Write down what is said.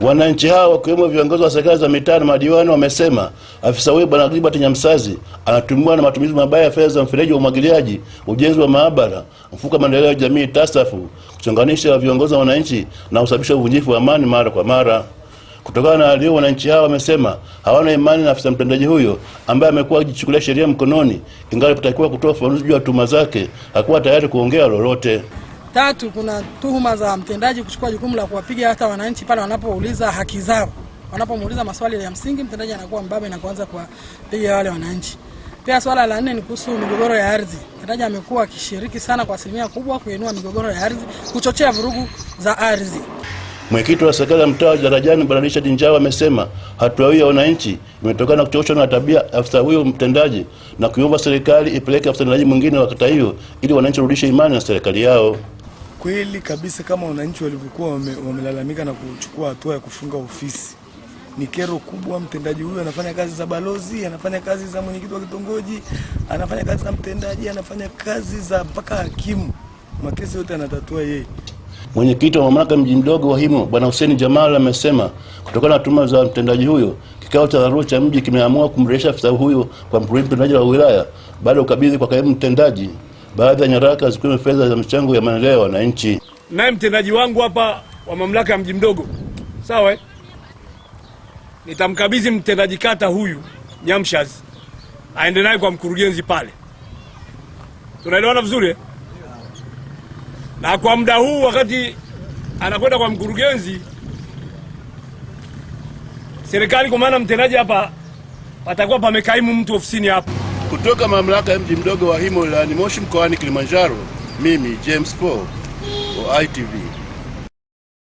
Wananchi hao wakiwemo viongozi wa serikali za mitaa na madiwani wamesema afisa huyo Bwana Gilbert Nyamsazi anatumiwa na matumizi mabaya ya fedha za mfereji wa umwagiliaji, ujenzi wa maabara, mfuko wa maendeleo ya jamii TASAFU, kuchonganisha viongozi wa wananchi na kusababisha uvunjifu wa amani mara kwa mara. Kutokana na hali hiyo, wananchi hao wamesema hawana imani na afisa mtendaji huyo ambaye amekuwa akijichukulia sheria mkononi, ingawa alipotakiwa kutoa ufafanuzi juu ya tuhuma zake hakuwa tayari kuongea lolote. Tatu, kuna tuhuma za mtendaji kuchukua jukumu la kuwapiga hata wananchi pale wanapouliza haki zao. Wanapomuuliza maswali ya msingi, mtendaji anakuwa mbabe na kuanza kuwapiga wale wananchi. Pia swala la nne ni kuhusu migogoro ya ardhi. Mtendaji amekuwa akishiriki sana kwa asilimia kubwa kuinua migogoro ya ardhi, kuchochea vurugu za ardhi. Mwenyekiti wa serikali ya mtaa wa Darajani Bwana Richard Njawa amesema hatua hiyo ya wananchi imetokana na kuchoshwa na tabia afisa huyo mtendaji na kuiomba serikali ipeleke afisa mtendaji mwingine wa kata hiyo ili wananchi warudishe imani na serikali yao kweli kabisa kama wananchi walivyokuwa wamelalamika wame na kuchukua hatua ya kufunga ofisi ni kero kubwa. Mtendaji huyu anafanya kazi za balozi, anafanya kazi za mwenyekiti wa kitongoji, anafanya kazi za mtendaji, anafanya kazi za mpaka hakimu. Makesi yote anatatua yeye. Mwenyekiti wa mamlaka mji mdogo wa Himo Bwana Hussein Jamal amesema kutokana na tuma za mtendaji huyo, kikao cha dharura cha mji kimeamua kumrejesha afisa huyo kwa mtendaji wa wilaya baada ya ukabidhi kwa kaimu mtendaji baadhi ya nyaraka zikiwemo fedha za michango ya maendeleo ya wananchi. Naye mtendaji wangu hapa wa mamlaka ya mji mdogo, sawa, eh? nitamkabidhi mtendaji kata huyu Nyamshaz aende naye kwa mkurugenzi pale. Tunaelewana vizuri eh? Na kwa muda huu wakati anakwenda kwa mkurugenzi, serikali kwa maana mtendaji hapa, patakuwa pamekaimu mtu ofisini hapa. Kutoka mamlaka ya mji mdogo wa Himo wilayani Moshi mkoani Kilimanjaro, mimi James Paul wa ITV.